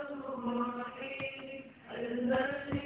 الرحيم الذي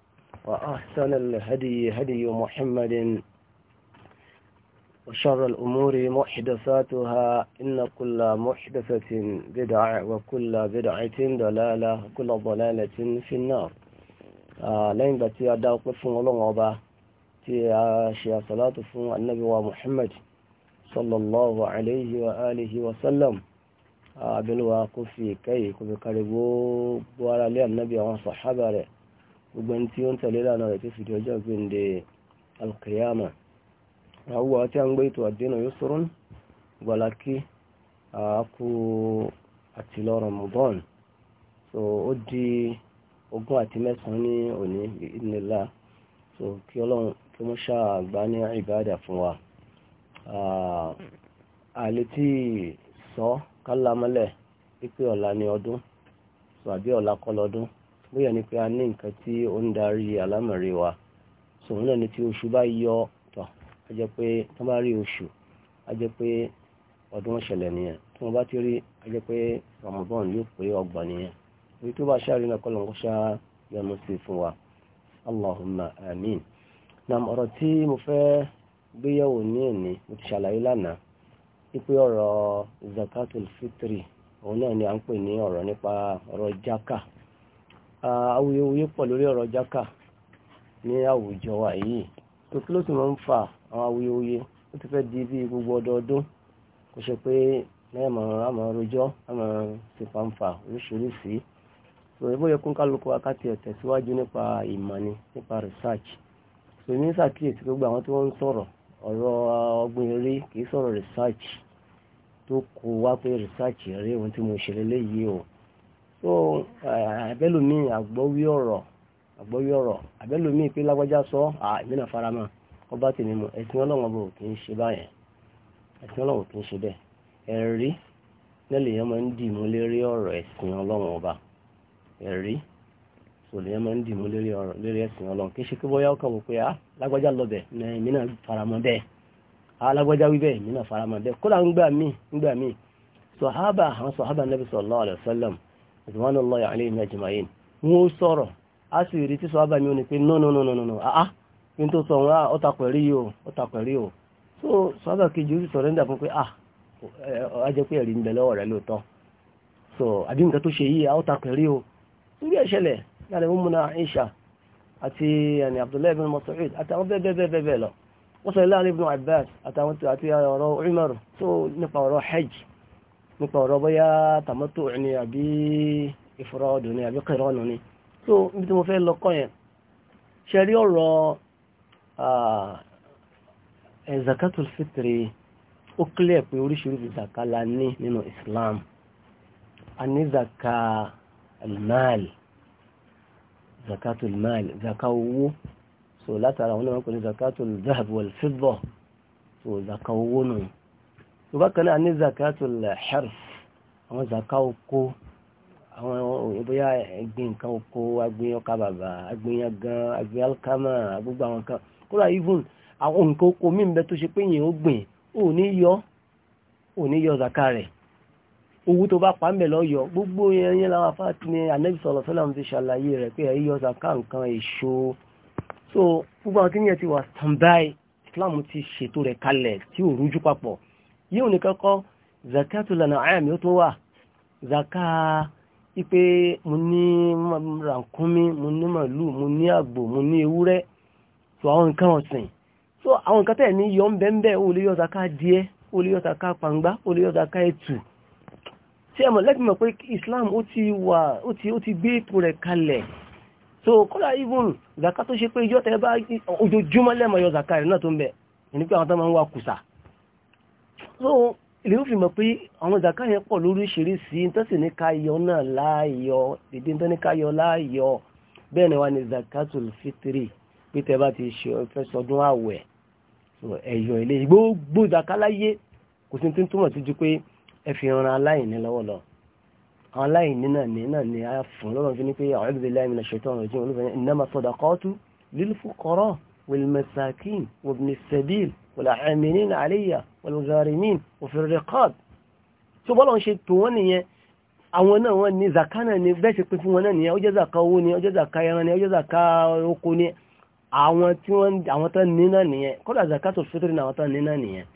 وأحسن الهدي هدي محمد وشر الأمور محدثاتها إن كل محدثة بدعة وكل بدعة ضلالة وكل ضلالة في النار آه، لين باتي أدعو قفن ولغبا تي أشياء صلاة فن النبي ومحمد صلى الله عليه وآله وسلم أبلوا آه، في كي كبكربو وعلى النبي وصحابه gbogbo ẹni tí ó ń tẹ̀lé lánàá rẹ̀ tó fi di ọjọ́ gbẹ̀ǹde alkiyama àwọ̀ tí a ń gbé ètò àdínà yóò sọ̀rọ̀ gbalaki àákú àti lọ́rùn mọ̀bọ́n so ó di ogún àti mẹ́sàn-án ní òní ìdílélá so kí ọlọ́run kí wọ́n ṣáà gbá ní ìbáàdà fún wa àlè tí sọ kálámọ́lẹ̀ pípé ọ̀la ní ọdún so àbí ọ̀la kọ́ lọ́dún bóyá ni pé a ní nǹkan tí ó ń darí alámọ̀rẹ́ wa ni tí oṣù bá yọ tọ̀ a jẹ́ pé tó bá rí oṣù a jẹ́ pé ọdún ṣẹlẹ̀ nìyẹn wọ́n bá ti rí a jẹ́ pé Ramadan yóò pé ọgbọ̀n nìyẹn èyí tó bá ṣáàrin náà kọ́lọ̀ ń yọnu sí fún wa Allahumma amin ọ̀rọ̀ tí mo fẹ́ gbéyàwó ní ẹ̀ní mo ti awuyewuye pọ̀ lórí ọ̀rọ̀ jákà ní àwùjọ wa yìí tó kí ló sì máa ń fa àwọn awuyewuye ó ti fẹ́ di bí gbogbo ọdọọdún kò ṣe pé lẹ́ẹ̀mọ̀ àmọ̀ rojọ́ àmọ̀ ṣèpàǹfà oríṣiríṣi so ìbó yẹ kún kálukú wákàtí ọ̀tẹ̀ síwájú nípa ìmọ̀ ni nípa research so ní sàkíyèsí gbogbo àwọn tí wọ́n ń sọ̀rọ̀ ọ̀rọ̀ ọgbìn eré kìí sọ̀rọ̀ research tó kó wá pé research eré ohun tí mo ṣe lélẹ́yìí o so àbẹ́lòmí eh, àgbọ́wí ọ̀rọ̀ àgbọ́wí ọ̀rọ̀ àbẹ́lòmí pé lágbájá sọ àmìnà faramọ́ ọba tèmi mọ̀ ẹ̀sìn ọlọ́run ọba kì í ṣe báyẹn ẹ̀sìn ọlọ́run kì í ṣe bẹ́ẹ̀ ẹ̀rí nílẹ̀ yẹn máa ń dì mú lérí ọ̀rọ̀ ẹ̀sìn ọlọ́run ọba ẹ̀rí sọlẹ̀ yẹn máa ń dì mú lérí ọ̀rọ̀ lérí ẹ̀sìn ọlọ́run kì í ṣe pé wò pé lágbájá lọ bẹ̀ bẹ́ẹ̀ lágbájá wí bẹ́ẹ̀ bẹ́ẹ̀ ridwanullahi alayhim ajma'in wọn ó sọ̀rọ̀ a sì rí tí sọ́ọ́bà mi ò pé no no no no no ah kí n tó sọ wọn ah, ó takọ̀ rí o ó takọ̀ rí o so sọ́ọ́bà kejì ó sì sọ̀rọ̀ nígbà fún pé ah ọ jẹ́ pé ẹ̀rí ń lóòótọ́ so àbí nǹkan tó ṣe yìí a ah, ó takọ̀ rí o níbi ẹ̀ṣẹ̀lẹ̀ láti mú múna Aisha àti ẹni Abdullahi bin Mas'ud àtàwọn bẹ́ẹ̀ bẹ́ẹ̀ bẹ́ẹ̀ nípa ọ̀rọ̀ bóyá tàmọ́tò ni àbí ìfọ̀rọ̀dù ni àbí kẹrọ́nù ni so ibi tí mo fẹ́ lọ kọ́ yẹn ṣe rí ọ̀rọ̀ zakatul fitri ó kílẹ̀ pé oríṣiríṣi zaka la ní nínú Islam a ní zaka almal zakatul mal zaka owó so látara àwọn náà wọ́n pè ní zakatul zahab wal fidda so zaka owó nù bákan náà ní zakatul harf àwọn zaka oko àwọn ìbóyá ẹgbin nǹkan oko agbin ọkà bàbà agbin yangan agbin alkama gbogbo àwọn nǹkan kódà even àwọn nǹkan oko mí bẹ tó ṣe pé yìí ó gbìn ò ní yọ ò ní yọ zaka rẹ̀ owó tó bá pa ń bẹ̀ lọ́yọ̀ gbogbo ẹyẹn láwọn afá so gbogbo àwọn kí standby Islam ti ṣètò rẹ̀ kalẹ̀ tí yíò ní kọ́kọ́ zakatu lana ayami ó tún wà zaka ipe mo ní ràkúnmí mo ní màlúù mo ní àgbò mo ní ewúrẹ́ so àwọn nǹkan ọ̀sìn so àwọn nǹkan tẹ̀ ní yọ ń bẹ́ẹ̀ bẹ́ẹ̀ ó lè yọ zaka díẹ̀ ó lè yọ zaka pàǹgbá ó lè yọ zaka ẹ̀tù tí ẹmọ̀ lẹ́gbẹ̀ẹ́ mọ̀ pé Islam ó ti wà ó ti ó ti gbé ètò rẹ̀ kalẹ̀ so kọ́lá even zaka tó ṣe pé ìjọ́ tẹ́ bá ojoojúmọ́ lẹ́mọ̀ yọ zaka rẹ̀ náà tó ń bẹ̀ ẹni pé àwọn tó máa ń wá kùsà so ilé ó fi mọ̀ pé àwọn ìdàká yẹn pọ̀ lóríṣiríṣi tẹ́sí ní káyọ náà láàyọ dídí tó ní káyọ láàyọ bẹ́ẹ̀ ni wà ní zakatul fitri pé tẹ́ bá ti ṣe ọ̀fẹ́ sọdún àwẹ̀ ẹ̀yọ ilé gbogbo ìdàká láyé kò sí tí ń túmọ̀ síjú pé ẹ fi ran aláìní lọ́wọ́ lọ àwọn aláìní náà ní náà ní a fún lọ́rọ̀ fi ní pé àwọn ẹgbẹ̀rẹ̀ láìmí والمساكين وابن السبيل والعاملين عليها والغارمين وفي الرقاب tó bọ́lọ̀ ń ṣe tó wọ́n nìyẹn àwọn náà wọ́n ní zaka náà ni bẹ́ẹ̀ ṣe pín fún wọn náà nìyẹn ó jẹ́ zaka owó ni ó jẹ́ zaka ẹran ni ó jẹ́ zaka oko ni àwọn tí wọ́n àwọn tán ní náà nìyẹn kódà zaka tó fẹ́tẹ̀rẹ̀ náà àwọn tán ní náà nìyẹn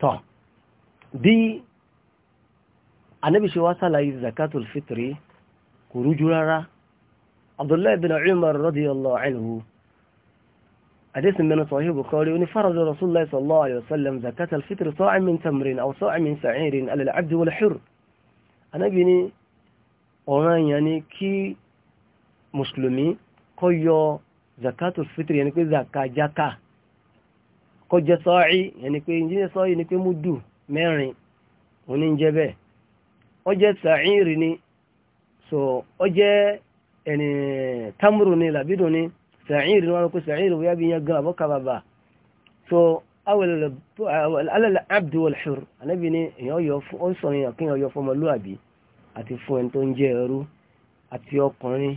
tọ́ bí Ànábì wá sàlàyé zaka tó fẹ́tẹ̀rẹ̀ kò rújú rárá Abdullahi bin Umar radiyallahu anhu حديث من صحيح البخاري أن فرض رسول الله صلى الله عليه وسلم زكاة الفطر صاع من تمر أو صاع من سعير على العبد والحر أنا بني ọ̀ràn èèyàn ni kí mùsùlùmí kó yọ zakato fitri yẹni pé zakajaka kó jẹ sọ́ọ̀í yẹni pé ìjíjẹ sọ́ọ̀í ni pé múdù mẹ́rin òun ní jẹ́ bẹ́ẹ̀ ó jẹ́ sàírì ni so ó jẹ́ ẹni tamuru ni làbídùn ni sa'ir ni wọ́n kó sa'ir wọ́n yábi yẹn gan àbọ́kà bàbà so alẹ́lẹ́ abdu wal hur anábì ni ó sọ yẹn kí yẹn yọ fọmọ lúàbí àti fún ẹni tó ń jẹ ẹrú àti ọkùnrin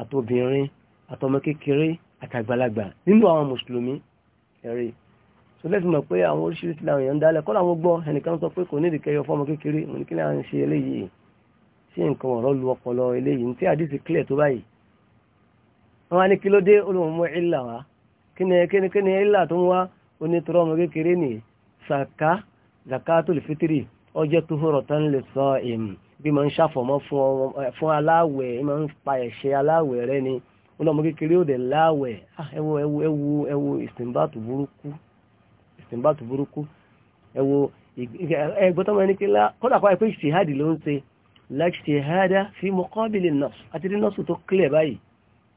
àtobìnrin àtọmọ kékeré àtàgbàlagbà nínú àwọn mùsùlùmí ẹ̀rí so lets mọ̀ pé àwọn oríṣiríṣi làwọn èèyàn ń dálẹ̀ kọ́ làwọn gbọ́ ẹnìkan sọ pé kò ní ìdíkẹ́ yọ fọ́mọ kékeré mo ní kí láwọn ṣe eléyìí ṣé nǹkan ọ̀rọ̀ lu ọpọlọ eléyìí ní tí àdìsí clear tó báyìí wọ́n ní kí ló dé olùmọ̀mọ́ ìlà wá kí ni kí ni kí ni ìlà tó ń wá onítọ̀rọ̀ ọmọ kékeré ní sàká zakatul fitri ọjọ́ tó hóró tán lè sọ èmi bí máa ń ṣàfọ̀mọ́ fún aláwẹ̀ máa ń pa ẹ̀ṣẹ̀ aláwẹ̀ rẹ ni olùmọ̀ kékeré ò dẹ̀ láwẹ̀ ah, ẹwo ẹwo ẹwo ẹwo ìsìnbàtù burúkú ìsìnbàtù burúkú ẹni kílá kọ́dà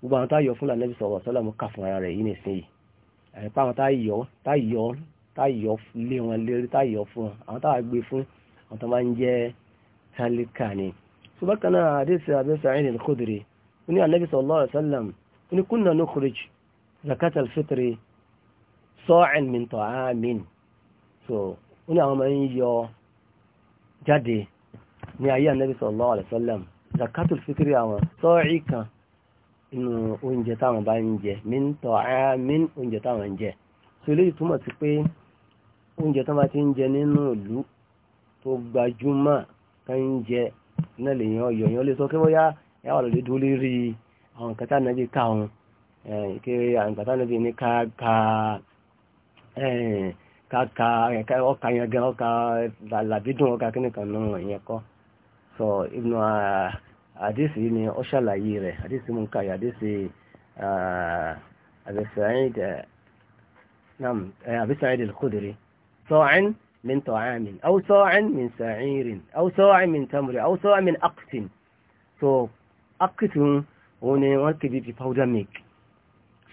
gbogbo àwọn táyọ̀ fún lànàbí sọ̀rọ̀ sọ́lá mú kà fún ara rẹ̀ yìí nìsín yìí àyẹ̀pá àwọn táyọ̀ táyọ̀ táyọ̀ lé wọn lérí táyọ̀ fún wọn àwọn táwọn gbé fún àwọn tó máa ń jẹ́ tálíkà ni. ṣùgbọ́n kan náà àdéhùn Abu Sa'id al-Khudri ó ní ànàbí sallallahu alaihi wasallam ó ní kunna nukhrij zakat al-fitri sa'an min ta'amin so ó ní àwọn máa ń yọ jáde ní ayé ànàbí sallallahu alaihi wasallam zakat al-fitri àwọn sọ́ọ̀ì inú oúnjẹ táwọn bá ń jẹ min ta'amin oúnjẹ táwọn ń jẹ so eléyìí túmọ̀ sí pé oúnjẹ tó bá ti ń jẹ nínú ìlú tó gbajúmọ̀ tó ń jẹ náà lèyàn ọyọ̀ yẹn lè sọ kí wọ́n yá ẹ wà lóde dúró lérí àwọn nǹkan táwọn nàbí ká wọn kí àwọn nǹkan táwọn nàbí ní ká ká ká ọkà yẹn gan ọkà làbídùn ọkà kíníkan náà yẹn kọ́ sọ ibùdó àdísì ni ó ṣàlàyé rẹ̀ àdísì mú káyà àdísì uh, uh, eh, Abi Sa'id al-Khudri sa'in min ta'amin aw sa'in min sa'irin aw sa'in min tamri aw sa'in min aqtin so aqtin òun ni wọ́n kébí ti powder milk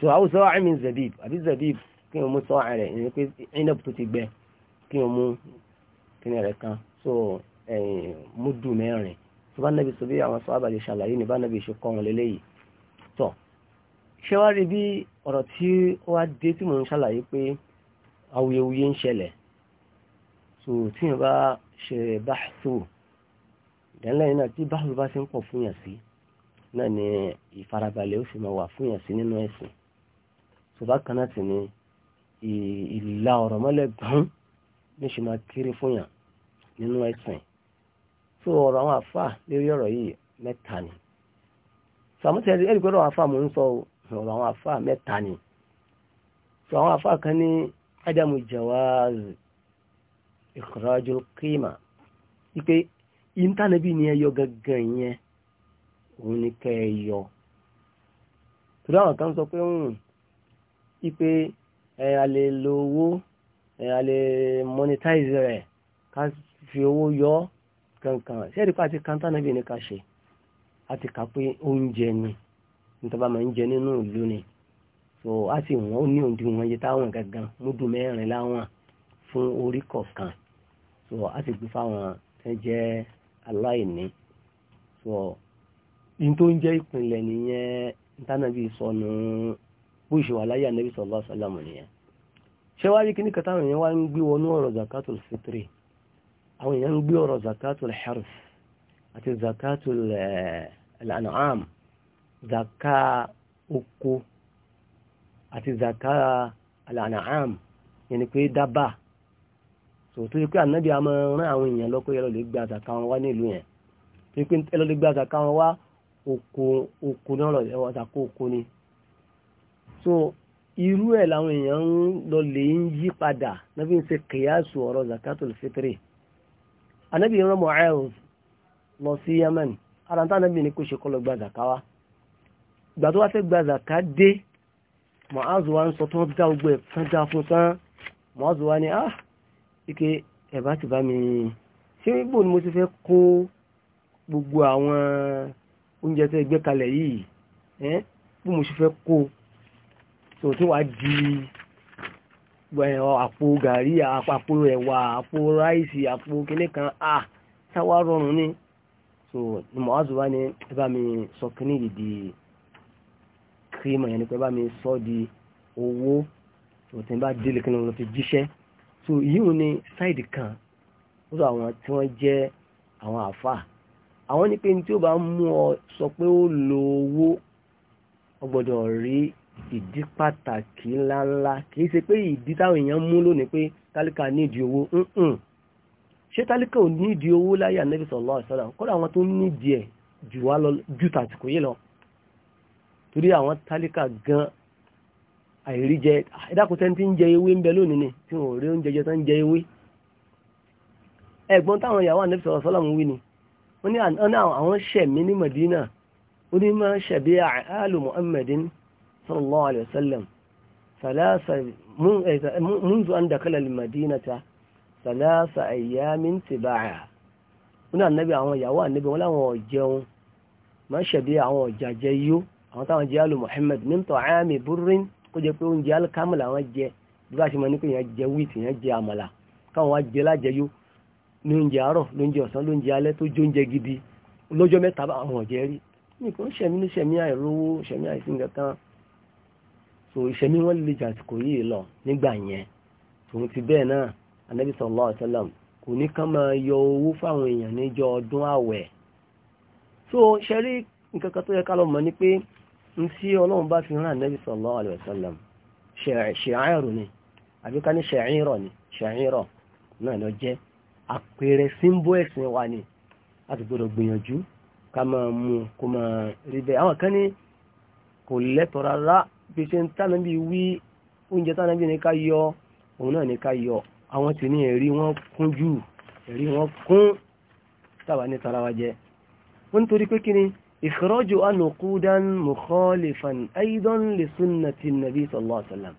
so aw sa'in min zabib àbí zabib kí wọ́n mú sa'in rẹ̀ ìyẹn pé inab tó ti gbẹ kí wọ́n mú kí ni rẹ̀ kan so eh, mudu mẹ́rin bá nàbí sọ bí àwọn sọ́ábà lè ṣàlàyé ní bá nàbí ṣe kọ́ wọn lélẹ́yìí tọ́ ṣé wá rí bí ọ̀rọ̀ tí ó wá dé tí mò ń ṣàlàyé pé awuyewuye ń ṣẹlẹ̀ so tí yẹn bá ṣe báṣọ ìdánilẹ́yìn náà tí báṣọ bá ti ń pọ̀ fún yàn sí náà ni ìfarabalẹ̀ ó sì máa wà fún yàn sí nínú ẹ̀sìn so bákan náà sì ni ìlà ọ̀rọ̀ mọ́lẹ̀ gan ní ṣe máa kéré fún nínú ẹ̀sìn so ọ̀rọ̀ àwọn àfà lérí ọ̀rọ̀ yìí mẹ́ta ni sàmúsẹ̀ ẹ̀rí pé ọ̀rọ̀ àfà mò ń sọ ọ̀rọ̀ àwọn àfà mẹ́ta ni so àwọn àfà kan ní ádámù jawaz ikhrajul qima ipe ìntánẹ́bì ni ẹyọ gangan yẹn òun ni kẹ́ ẹ yọ torí àwọn kan sọ pé ń hmm, ipe ẹ a lè lo owó ẹ a lè monetize rẹ̀ ká fi owó yọ ọ́ kankan ṣẹ́ẹ̀rí kan tánàbí ní ká ṣe ti kà pé oúnjẹ ni nítorí máa ń jẹ nínú ìlú ni so a sì wọ́n ó ní òǹdíwọ̀n iye táwọn gangan múdù mẹ́rin láwọn fún orí kọ̀ọ̀kan so a ti gbé fáwọn tẹ́ jẹ́ aláìní so in tó ń jẹ́ ìpínlẹ̀ nìyẹn tánàbí sọnù bó ṣe wà láyé nìyẹn ṣé kíní wá ń gbé wọnú ọ̀rọ̀ zakatul fitri àwọn èèyàn ń gbé ọ̀rọ̀ zakatul harf àti zakatul eh, an'am zaka oko àti zaka an'am yẹn ni pé dábà tòótọ́ yẹ pé ànábì àmọ́ rán àwọn èèyàn lọ́kọ́ yẹn lọ́lẹ́ gbé àzàká wọn wá nílùú yẹn tó yẹ pé ẹlọ́lẹ́ gbé àzàká wọn wá oko oko náà lọ ẹwà àzàká anabi rán Mu'az lọ sí Yemen ara ń tá anabi ní kó ṣe kọ́ lọ gba zaka wa ìgbà tó wá fẹ́ gba zaka dé Mu'az wa ń sọ tó dá gbogbo ẹ̀ dá fún tán Mu'az wa ní ah ike ẹ̀ bá ti bá mi ṣé bò ni mo ti fẹ́ kó gbogbo àwọn oúnjẹ tẹ́ gbé kalẹ̀ yìí bí mo ṣe fẹ́ kó tòótọ́ wá di àpò gàrí àpapò ẹ̀wà àpò ráìsì àpò kíní kan à sáwá rọrùn ni so ni mo wáṣọ wá ní ẹ mi sọ kíní yìí di kírímù yẹn ni pé bá mi sọ di owó òtí bá délé kíní lọ fi jíṣẹ́ so yíò ní sáìdì kan ó sọ àwọn tí wọ́n jẹ́ àwọn àfà àwọn ní pé ní tí ó bá mú ọ sọ pé ó lo owó ọgbọ́dọ̀ rí ìdí pàtàkì ńláńlá kìí ṣe pé ìdí táwọn èèyàn mú lónìí pé tálíkà nídìí owó ǹǹ ṣé tálíkà ò nídìí owó láyé ànábì sallallahu alaihi wasallam kọ́dà àwọn tó nídìí ẹ̀ jù wá lọ jù tàtìkù yìí lọ torí àwọn tálíkà gan àìríjẹ ìdákùtẹ́ tí ń jẹ ewé ń bẹ lónìí ni tí wọn ò rí oúnjẹ jẹ tó ń jẹ ewé ẹ̀gbọ́n táwọn ìyàwó ànábì sallallahu alaihi wasallam wí ni wọ́n ní àwọn ṣẹ̀mí ní Madina ó ní máa ṣẹ̀bí àálù Muhammadin sallallahu alayhi wa sallam salasa eh, munzu an dakala limadinata salasa ayyamin tiba'a wọn náà nẹ́bí àwọn ìyàwó ànẹ́bí wọn láwọn ọ̀jẹun máa ń ṣẹ̀bí àwọn ọ̀jàjẹ yó àwọn táwọn jẹ́ alu Muhammad min ta'ami burrin kó jẹ́ pé oúnjẹ alkamu làwọn jẹ bí bá ṣe máa ní pé yẹn jẹ wíìtì yẹn jẹ àmàlà káwọn wá jẹ lájẹ yó ní oúnjẹ àárọ̀ lóúnjẹ ọ̀sán lóúnjẹ alẹ́ tó jóúnjẹ gidi lọ́jọ́ mẹ́ta àwọn ọ̀jẹ́ rí nìkan ṣẹ̀mí ní ṣẹ̀mí àìrówó ṣẹ̀mí àìsí nǹkan kan so ìṣẹ́ ní wọ́n lè jà yìí lọ nígbà yẹn tòun ti bẹ́ẹ̀ náà anabi sallallahu alaihi kò ní ká máa yọ owó fáwọn èèyàn níjọ́ ọdún àwẹ̀ so ṣe rí nǹkan kan tó yẹ ká lọ mọ ni pé n tí ọlọ́run bá fi rán anabi sallallahu alaihi ni àbí ká ní ni náà lọ àpẹẹrẹ símbó ẹ̀sìn wa ni láti gbọdọ̀ gbìyànjú ká máa mú kó máa rí bẹ́ẹ̀ àwọn kan ní kò rárá gbèsè tánàbí wí oúnjẹ tánàbí ní ká yọ òun náà ní ká yọ àwọn tí ní ẹ̀rí wọn kún jù ẹ̀rí wọn kún tàbà ní tarawa jẹ wọ́n torí pé kíni ìkọrọ́jù anùkúdán mukhalifan aidan li sunnati nabi sallallahu alaihi wasallam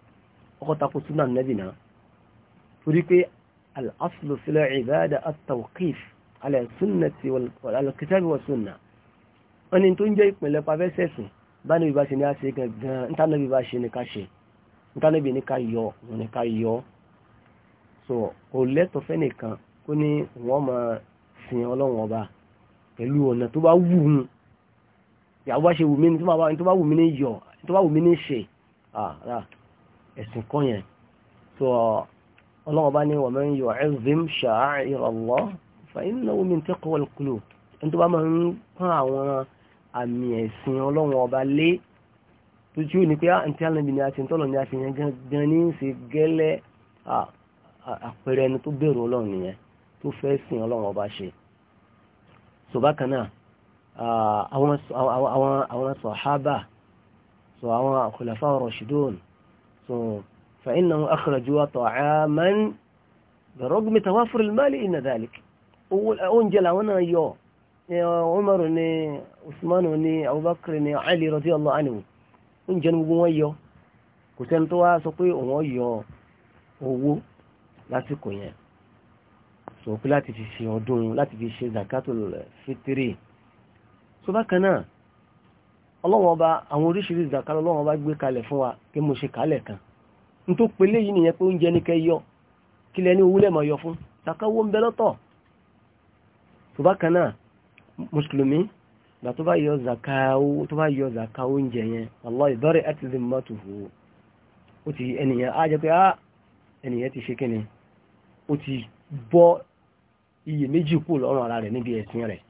wọ́n ni tó ń jẹ́ ìpìnlẹ̀ pàfẹ́sẹ̀sìn báni bíbá ṣe ní àṣẹ gangan ntánà bíbá ṣe ní ká ṣe ní ká yọ ní ká so kò lẹ́tọ̀ fẹ́ nìkan kó ní wọ́n máa sin ọlọ́run ọba pẹ̀lú ọ̀nà tó bá wù ú ìyàwó bá ṣe wù mí ní tó bá wù mí ní yọ tó ẹ̀sìn kọ́ yẹn so ọlọ́run ọba ní wa man yu'azzim sha'a'ira Allah fa innahu min taqwa al-qulub àmì ẹ̀sìn ọlọ́run ọba lé tó tí ó ní pé àǹtí ah, àlẹ́bí ni a ti ń tọ́lọ̀ ní a ti yẹn gangan ní í ṣe gẹ́lẹ́ àpẹẹrẹ ẹni tó bẹ̀rù ọlọ́run nìyẹn tó fẹ́ sìn ọlọ́run ọba ṣe so bákan náà àwọn sọ̀hábà so àwọn khulafa rashidun so فإنه أخرجوا طعاما برغم توافر المال إن ذلك أول أنجل أنا يو ni Umar ni Usman ni Abubakar ni Ali radiyallahu anhu yọ kò sẹ́ni tó wá sọ pé òun yọ owó lásìkò yẹn sọ̀kú lati fi ṣe ọdún lati fi ṣe zakatul fitri tó bákan náà ọlọ́wọ́n wa mo kan n tó pele yìí nìyẹn pé na ní kẹ́ yọ kí lẹ́ni owó lẹ́mọ̀ yọ fún zakawo mùsùlùmí gbà tó bá yọ zaka oúnjẹ yẹn wallahi ìbẹ̀rẹ̀ àti zimmatuhu ó ti ẹnìyàn á jẹ́ pé á ah! ẹnìyàn ti ṣe kíni ó ti bọ́ iye méjì kú lọ́rùn ara rẹ̀ níbi ẹ̀sìn rẹ̀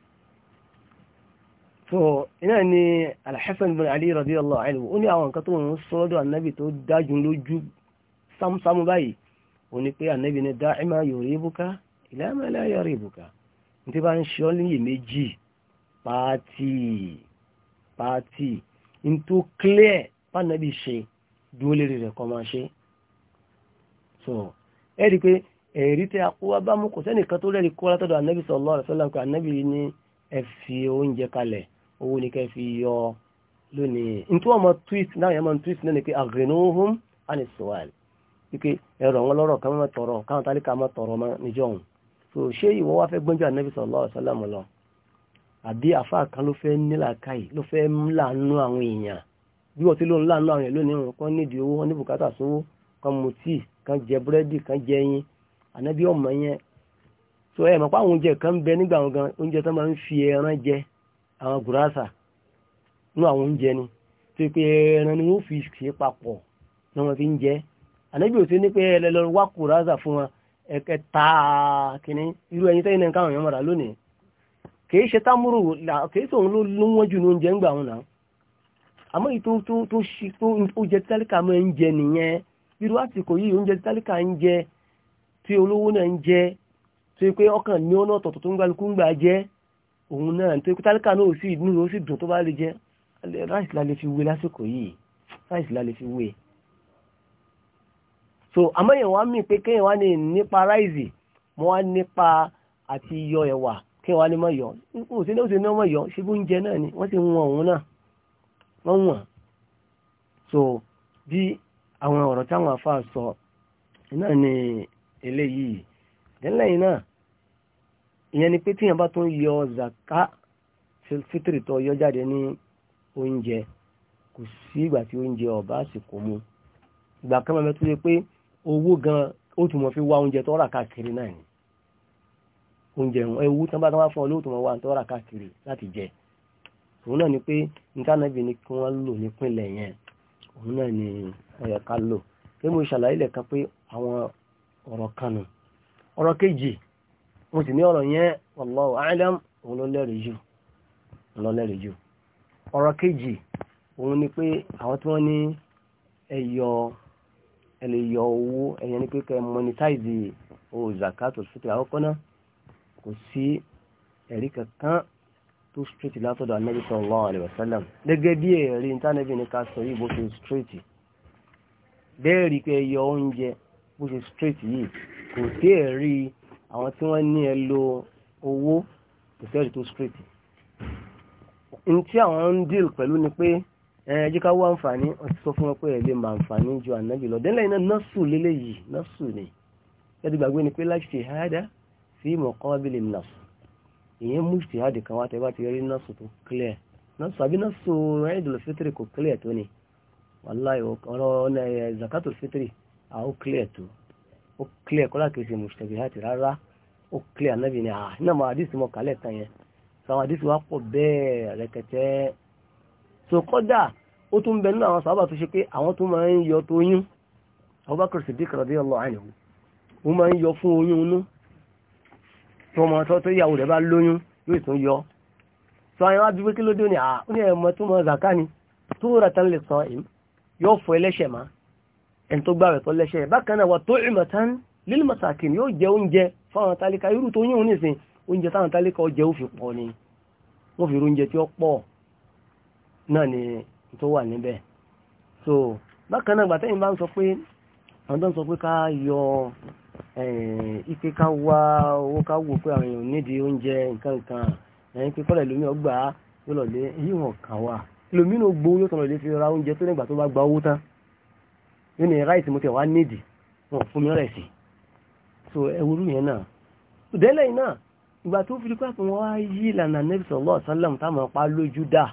so iná ni alhassan bin ali radiyallahu anhu ó ní àwọn nǹkan tó ń sọ́dọ̀ annabi tó dájú lójú sámúsámú báyìí ó ní pé annabi ni da'ima yuribuka ila ma tí bá ń ṣe ọ́ níyè méjì pàátì pàátì ní tó clear pànàbí ṣe dúró lérí rẹ̀ kan máa ṣe so ẹ rí i pé ẹ̀rí tẹ akówá bá mú kò sẹ́nìkan tó rẹ́rí kó látọ̀dọ̀ ànábì sallallahu alaihi wasallam pé ànábì ní ẹ fi oúnjẹ kalẹ̀ owó ni kẹ́ fi yọ lónìí nítorí wọn máa twist náà yẹn máa twist náà ni pé aghinuhum anis-su'al wípé ẹ̀rọ wọn lọ́rọ̀ káwọn máa tọrọ káwọn tálíkà máa tọrọ máa níjọ́ òun so ṣe ìwọ wá fẹ́ gbọ́njú ànábì sallallahu a wasallam lọ àbí àfáà kan ló fẹ́ nílà káì ló fẹ́ ńláàánú àwọn èèyàn bí wọ́n ti ló ńláàánú àwọn èèyàn lónìí wọn nídìí owó wọn ní bùkátà sówó kan mu tíì kan jẹ búrẹ́dì kan jẹ ẹyin ọmọ yẹn so ẹ mọ̀ pé àwọn ni tó pé ẹran ni fi ṣe papọ̀ fi ń jẹ ẹ̀kẹta kìíní irú ẹyin tẹ́yìn náà káwọn èèyàn mọ̀ra lónìí kìí ṣe támúrò kìí sóun ló ló wọ́n jù ní oúnjẹ ń gbà wọn náà àmọ́ èyí tó tó tó ṣe tó oúnjẹ tálíkà máa ń jẹ nìyẹn irú àsìkò yìí oúnjẹ tálíkà ń jẹ tí olówó náà ń jẹ tó yẹ pé ọkàn ní ọ̀nà ọ̀tọ̀ọ̀tọ̀ tó ń gbàlùkù ń gbà jẹ òun náà tó yẹ pé tálíkà náà sì inú rẹ̀ ó sì dùn tó bá lè jẹ ráìsì la lè fi wé lásìkò yìí ráìsì la lè fi wé so àmọ́ èèyàn wá mí pé kéèyàn wá ní nípa ráìsì mo wá nípa àti yọ ẹ̀wà kéèyàn wá ní mọ̀ yọ kò sí ní òsì ní ọmọ yọ ṣe bó ń jẹ náà ni wọ́n sì ń wọn òun náà wọ́n wọ̀n so bí àwọn ọ̀rọ̀ táwọn afá sọ náà ni eléyìí dẹ́lẹ́yìn náà ìyẹn ni pé tíyàn bá tún yọ zaka fitri tó yọ jáde ní oúnjẹ kò sí ìgbà tí oúnjẹ ọba àsìkò mu ìgbà kan máa mẹ́tọ́ pé owó gan ó tún fi wá oúnjẹ tó rà káàkiri náà ni oúnjẹ ewu tán bá tán wá fún ọ lóòótọ́ wá tó láti jẹ òun náà ni pé ìtànàbì ni kí wọ́n lò nípìnlẹ̀ yẹn òun náà ni wọ́n ká lò pé mo ṣàlàyé lẹ̀kan pé àwọn ọ̀rọ̀ kanu ọ̀rọ̀ kejì mo sì ní ọ̀rọ̀ yẹn òun ló lẹ́rìí jù ló lẹ́rìí kejì òun ni pé àwọn tí wọ́n ní ẹ lè yọ owó ẹ̀yẹn ni pé monetize owó zakato fitr àkọ́kọ́ náà kò sí ẹ̀rí kankan tó straight látọ̀dọ̀ anabi sallallahu alayhi wa sallam gẹ́gẹ́ bí ẹ̀rí ntánẹ́bì ní ká sọ yìí bó ṣe straight bẹ́ẹ̀ rí pé yọ oúnjẹ bó ṣe straight yìí kò sí ẹ̀rí àwọn tí wọ́n ní ẹ lo owó kò sí ẹ̀rí tó straight n tí àwọn ń deal pẹ̀lú ni pé Eh, ẹ̀ẹ́jẹ́ ká wá àǹfààní ọ̀tí sọ fún wọn pé ẹ̀lẹ́ mà àǹfààní ju ànábì lọ dẹ́lẹ̀ iná nọ́ọ̀sù lélẹ̀ yìí nọ́ọ̀sù ni ẹ̀dùn gbàgbé ni pé láti ṣèhádá sí mọ̀kọ́bílì nọ́ọ̀sù ìyẹn mú ṣèhádì kan wá tẹ́ bá ti rí nọ́ọ̀sù tó clear nọ́ọ̀sù àbí nọ́ọ̀sù ẹ̀dùn fitiri kò clear tó ni wàláì ọ̀rọ̀ zakatul fitiri à ó clear tó ó clear kọ́lá kìí ṣe mùsùlùmí rárá ó clear ànábì ni à nínú àwọn àdìsí mọ̀ kálẹ̀ tán yẹn sọ àwọn so kọ́dà ó tún bẹ nínú àwọn sábà tó ṣe pé àwọn tó máa ń yọ tó yún Abubakar Siddiq radiyallahu anhu ó máa ń yọ fún oyún inú tó ọmọ tó tó ìyàwó rẹ̀ bá lóyún yóò tún yọ so àwọn wá dúpẹ́ kí ló dé ní àá ó ní ah, ẹ̀mọ tó mọ zaka ni tó rà tán lè sọ èyí yóò fọ ẹlẹ́ṣẹ̀ má ẹni tó gbà rẹ̀ tó lẹ́ṣẹ̀ bákan náà wà tó ìmọ̀ tán lílì mọ̀sàkì yóò jẹ oúnjẹ fáwọn tálíkà irú tó yún nísìn oúnjẹ táwọn tálíkà ó jẹ fi pọ̀ ni wọ́n fi oúnjẹ tí ó pọ̀ náà ni tó wà níbẹ̀ so bákan náà gbàtẹ́yìn bá ń sọ pé àwọn tó ń sọ pé ká yọ ipe ká wá owó ká wò pé àwọn èèyàn nídìí oúnjẹ nǹkan nǹkan ẹ̀yìn pé kọ́lẹ̀ lómi ọgbà yóò lọ̀lẹ́ èyí wọn kà wá lómi ló gbowó yóò tọ̀lọ̀lẹ́ fi ra oúnjẹ tó nígbà tó bá gba owó tán yóò ní ráìsì mo tẹ̀ wá nídìí wọn fún mi rẹ̀ sí so ẹwúrú yẹn náà ìdẹ́lẹ̀ náà ìgbà tó fi rí pàpọ̀ wọn wá yí ìlànà nẹ́bìsọ̀ lọ́ọ̀sán lẹ́mù táwọn pa lójú dáa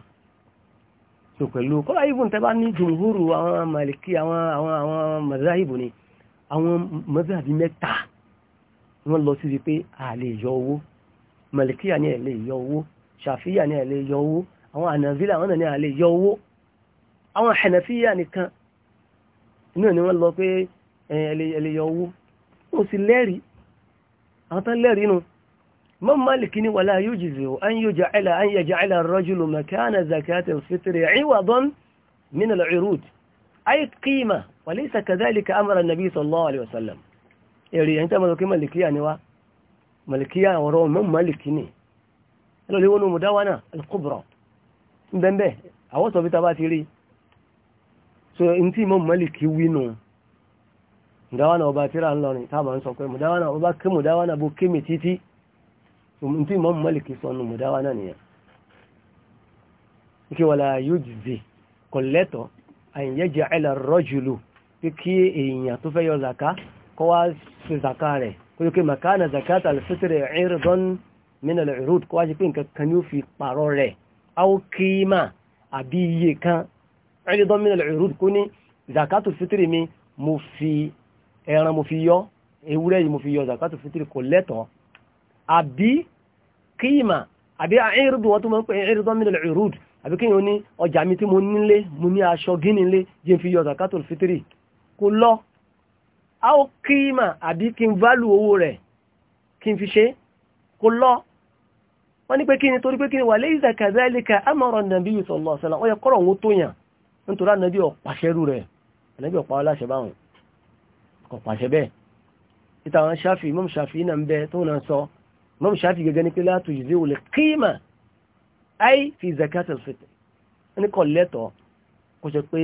so pẹ̀lú kọ́lá ibùn tẹ́ bá ní jùmùhúrù àwọn màlìkí àwọn àwọn àwọn màdáhìbù ni àwọn màdáhìbù mẹ́ta wọ́n lọ sí wípé a lè yọ owó màlìkí àní ẹ̀ lè yọ owó ṣàfíyà ní ẹ̀ lè yọ owó àwọn ànàvílà àwọn ní ẹ̀ lè yọ owó àwọn hànàfíyà Imam Malik ní wala yujzi'u an yuj'ala an yaj'ala ar-rajulu makana zakati al-fitri 'iwadan min al-'urud ay qima wa laysa kadhalika amara an-nabi sallallahu alayhi wa sallam èrè ẹ̀yìn tí a máa lọ́kí malikiya ni wá malikiya ọ̀rọ̀ Imam Malik ni ẹlọ́lẹ́ wọn mú dáwánà al-kubra bẹ́ẹ̀ àwọn sọ fi ta bá ti rí so in tí Imam Malik wínú dáwánà ọba tíra ńlọrin táàmà ń sọ pé mùdáwánà ọba kí mùdáwánà bó kémi títí tí Imam Malik sọnù mọ̀dáwà náà nìyẹn ike wala yujzi kò lẹ́tọ̀ an yaj'ala ar-rajulu pé kí èèyàn tó fẹ́ yọ zaka kọ́ wá ṣe zaka rẹ̀ kó yóò kí makana zakat al-fitri irdan min al-urud kọ́ wá ṣe pé nǹkan kan yóò fi pààrọ̀ rẹ̀ aw qima àbí iye kan irdan min al-urud kó ní zakat al-fitri mi mo fi ẹran mo fi yọ ewúrẹ́ yìí mo fi yọ zakat al-fitri kò àbí kíìmà àbí àìrìdù wọn tó mọ́ pé àìrìdù min al-urud àbí kí ní ọjà mi tí mo nílé mo ní aṣọ gíní lé jẹ́ fi yọ zakatul fitri kò lọ a ó kíìmà àbí kí n válù owó fi ṣe kò lọ wọ́n ní pé kí ni torí pé kí ni kadhalika amara an-nabiyyu sallallahu alaihi wasallam ó yẹ kọ́rọ̀ òun tó yàn nítorí ànàbí ọ̀pàṣẹ́rù rẹ̀ ànàbí ọ̀pá aláṣẹ báwọn kọ̀pàṣẹ bẹ́ẹ̀ ìtàwọn ṣáfì mọ́m ṣáfì náà ń bẹ tó náà sọ mọ́mù ṣáfi gẹ́gẹ́ ní pé látò ìdí òlè kíma ai fi zakat al-fitr ní kọ̀ lẹ́tọ̀ kó ṣe pé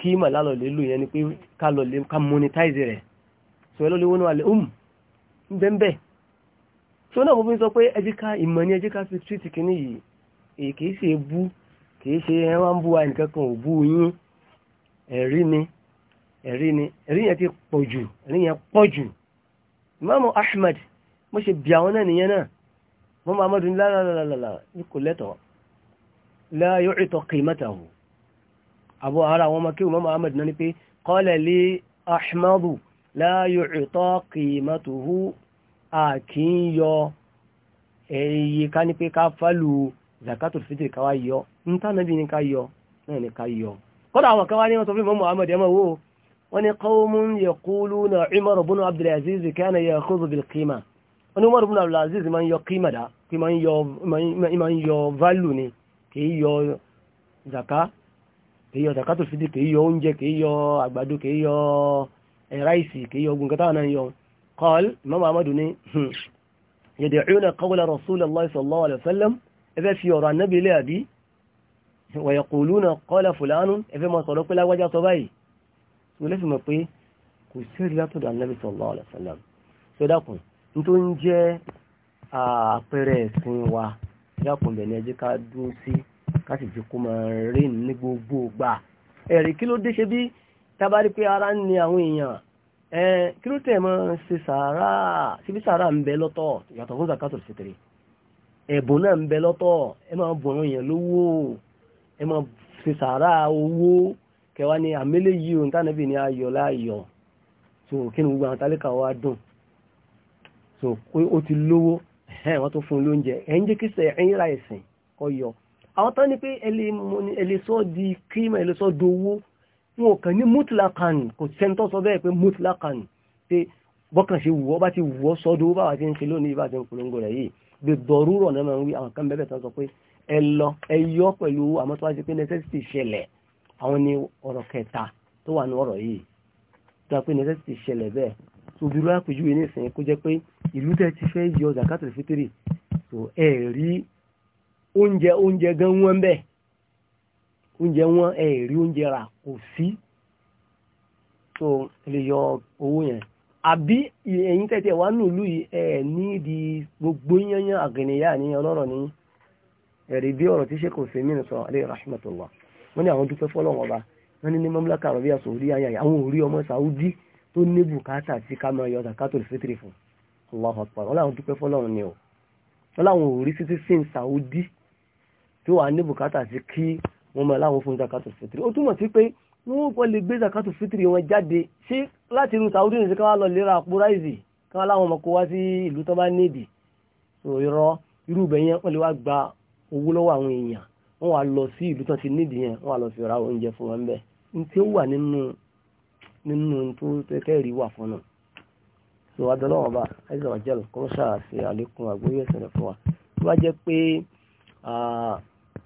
kíma lálọ́ lè lò yẹn ni pé ká lọ lè ká monetize rẹ̀ sọ ẹ lọ́lẹ́wọ́n náà lè um bẹ́ẹ̀ tí wọ́n náà fún mi sọ pé ẹjíká ìmọ̀ ní ẹjíká fi tíìtì kìíní yìí èyí kìí ṣe bú kìí ṣe ẹ wá ń bú wa kan ò bú yín ẹ̀rí ni ẹ̀rí ni ẹ̀rí yẹn ti pọ̀ jù ẹ̀rí yẹn pọ̀ jù Imam Ahmad mo ṣe bí àwọn náà nìyẹn náà wọ́n máa mọ́dún lálàlàlà ní kò lẹ́tọ̀ láyé ìtọ̀ kìmọ́tàwò àbọ̀ ara àwọn ọmọkíwò mọ́mọ́ ahmed náà ni pé kọ́lẹ̀ lé ahmadu láyé ìtọ̀ kìmọ́tàwò àkíyọ ẹ̀yẹ ká ní pé ká fálù zakatul fitri ká wá yọ ntánàbí ni ká yọ náà ni ká yọ kọ́dà àwọn kan wá ní wọ́n sọ fún mọ́mọ́ ahmed ẹ̀ wọ́n ni qawmun yaquluna umar ibn abdulaziz kana ya'khudhu bil qima wọ́n ní Umar ibn Abdulaziz máa ń yọ kímàdá kí máa ń yọ válù ni kì í yọ zaka kì í yọ zaka tó fìdí kì í yọ oúnjẹ kì í yọ àgbàdo kì í yọ eh, ráìsì kì í yọ ogun kẹta náà yọ kọ́l Imam Ahmadu ni hmm, yad'una qawla Rasulullahi sallallahu alaihi wasallam ẹfẹ́ fi ọ̀rọ̀ anábì ilé àbí wa yaquluna qala fulanun ẹfẹ́ mọ́ sọ̀rọ̀ tó ń jẹ́ àpẹẹrẹ ẹ̀sìn wa ìyàpọ̀lẹ̀ ní ẹjẹ́ ká dúró sí ká fi kó máa rìn ní gbogbo gbà ẹ̀rí kí ló dé ṣe bí tábàrí pé ara ń ni àwọn èèyàn ẹ kí ló tẹ̀ máa ṣe sàárà síbi sàárà ń bẹ lọ́tọ̀ yàtọ̀ fún zakato fitiri ẹ̀bùn náà ń bẹ lọ́tọ̀ ẹ máa bùn àwọn èèyàn lówó ẹ máa ṣe sàárà owó kẹwàá ni àmẹ́lẹ́ yìí ohun tánàbì ni ayọ̀ láàyọ̀ tó kí ni gbogbo àwọn tálíkà wa dùn so ó ti lówó wọ́n tó fún lóúnjẹ ẹ̀ ń jẹ́ kí ẹ̀yìn ra ẹ̀sìn ọyọ àwọn tán ní pé ẹlẹ́sọ́ di kírímà ẹlẹ́sọ́ dowó wọn kàn ní mutlakan kò sẹ́ńtọ́ sọ bẹ́ẹ̀ pé mutlakan pé bọ́kàn ṣe wù ọ́ bá ti wù ọ́ sọ́dọ̀ báwa ti ń ṣe lónìí bá ti ń polongo rẹ̀ yìí bí dọ̀rúrọ̀ náà máa ń wí àwọn kan bẹ́ẹ̀ tán sọ pé ẹ lọ ẹ yọ pẹ̀lú owó àmọ́ tó wá sí pé necessity ṣẹlẹ̀ àwọn ni ọ̀rọ̀ kẹta tó wà ní ọ̀rọ̀ yìí tó wá pé necessity ṣẹlẹ̀ bẹ́ẹ̀ obìnrin àpèjúwe nísìnyí kó jẹ́ pé ìlú tẹ́ ti fẹ́ yọ zakatul fitiri tó ẹ rí oúnjẹ oúnjẹ gan wọ́n bẹ́ẹ̀ oúnjẹ wọ́n ẹ rí oúnjẹ rà kò sí tó lè yọ owó yẹn àbí ẹ̀yin tẹ́tẹ́ wà nílùú yìí ẹ nídi gbogbo yányán àgànnìyà ní ọlọ́rọ̀ ní ẹ̀rí bí ọ̀rọ̀ tí sẹ́kọ̀ọ́ sí mìíràn sọ alẹ́ rahmatullah wọ́n ní àwọn dúpẹ́ fọ́lọ́wọ́n ọba wọ́n ní ní mamlaka àrọ̀bíyà sòwúrí ayáyà àwọn òrí ọmọ sàúdí tó ní bùkátà sí ká máa yọ zakatul fitri fún Allahu Akbar wọn làwọn dúpẹ́ fọlọ́run ni Saudi tó wà ní bùkátà sí kí wọ́n máa láwọn fún zakatul fitri ó túmọ̀ sí pé wọ́n Saudi nìṣẹ́ káwọn lọ lera àpò ráìsì káwọn láwọn ọmọ kó wá sí ìlú tó bá nídìí ìrọ irú ìbẹ̀yẹn wọ́n lè wá gba owó lọ́wọ́ àwọn èèyàn wọ́n wá lọ sí ìlú tó ti nídìí yẹn wọ́n wá lọ fi ra oúnjẹ fún wọn bẹ́ẹ̀ tí ó wà nínú nínú tó tẹ́tẹ́rì wà fún náà so adọ́lọ́wọ́n bá ẹ̀sìn ọ̀jẹ́ kọ́ṣà ṣe àlékún àgbóyè ìṣẹ̀lẹ̀ fún wa tó bá jẹ́ pé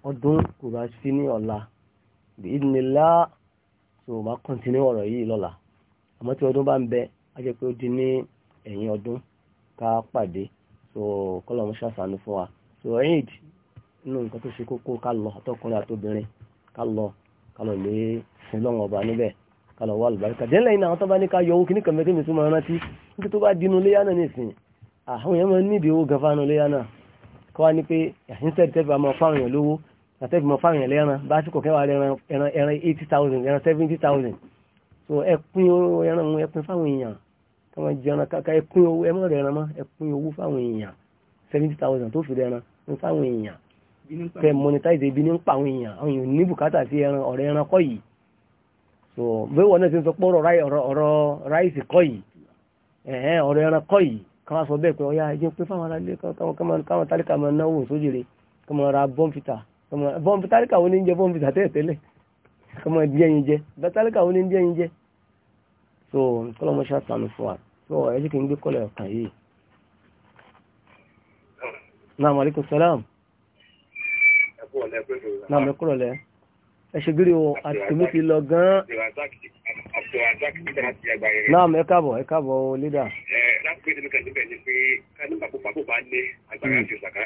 ọdún kò bá sí ní ọ̀la ìdínlá so bá kọ́ntínú ọ̀rọ̀ yìí lọ́la àmọ́ tí ọdún bá ń bẹ á jẹ́ pé ó di ní ẹ̀yìn ọdún ká pàdé so kọ́lọ́mù fún wa so lọ àtọkùnrin àtobìnrin ká lọ ká lọ ọba kálọ̀ wà lùbáríkà dẹ́n lẹ́yìn àwọn tó bá ní ká yọ owó kíní kan mẹ́kẹ́ mi tún máa rántí nítorí tó bá dínú léyà náà nìsín àwọn èèyàn máa nídìí owó gan fáwọn léyà náà kọ́ wa ní pé ìṣẹ́bí tẹ́bí máa fáwọn èèyàn lówó àtẹ́bí máa fáwọn èèyàn lẹ́ran bá sì kọ̀kẹ́ wà ẹran ẹran eighty thousand ẹran seventy thousand so ẹkún ẹran wọn ẹkún fáwọn èèyàn káwọn jẹran káka ẹkún owó ẹ mọ̀ rẹ̀ ẹran mọ́ ẹkún seventy thousand tó fi rẹ̀ ẹran fáwọn èèyàn fẹ́ monetize ibi ní ń pa àwọn èèyàn àwọn èèyàn ní bùkátà sí ẹran ọ̀rẹ́ ẹran kọ́ so bí wọn náà ti ń sọ pé ọ̀rọ̀ ráìsì kọ́ yìí ẹ̀hẹ́n ọ̀rọ̀ ẹran kọ́ yìí káwọn sọ bẹ́ẹ̀ pé ọ̀yá ẹjẹ́ pé fáwọn aráàlú káwọn tálíkà máa náwó sójúre káwọn ra bọ́ǹfìtà bọ́ǹfìtà tálíkà wọn ní jẹ bọ́ǹfìtà tẹ́ẹ̀tẹ́lẹ̀ káwọn bí ẹyin jẹ bẹ́ẹ̀ tálíkà wọn ní bí ẹyin jẹ so kọ́lọ́mọ ṣàtànù fún wa so ẹjẹ́ kì í gbé kọ́lọ̀ ọ̀kan yìí. naam aleykum salaam. ẹ kúrò lẹ ẹ̀ṣẹ̀gbèrè o àtìmí ti lọ gan-an. náà ẹ káàbọ̀ ẹ káàbọ̀ o lídà. ẹ lápẹ́ tí mi kàn níbẹ̀ ni pé ká ní hmm. hmm. bàbá bàbá bá ní agbára àti ìsàká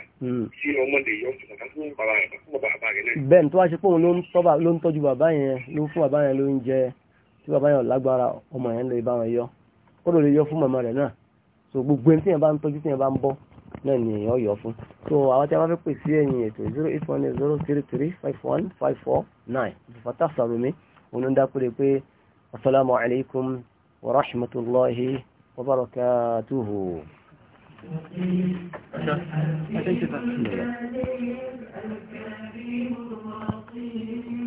sí ọmọ lè yọ ìsàká bẹ́ẹ̀ tó wá ṣe pé ló ń tọ́jú bàbá yẹn ló ń fún bàbá yẹn ló ń jẹ tí bàbá yẹn lágbára ọmọ yẹn lè bá wọn yọ ó lè yọ fún màmá rẹ̀ náà so gbogbo ẹni tí yẹn bá ń tọ́jú tí yẹn bá ń bọ́ náà ni èèyàn yọ fún so àwọn tí a bá fẹ́ pè sí ẹ̀yìn ètò zero eight one zero three three five one five four nine ìfọ̀tà sàrùmí onídàpẹ̀lẹ̀ pé asalaamu alaykum wa rahmatulahi wa barakatuhu. Thank you.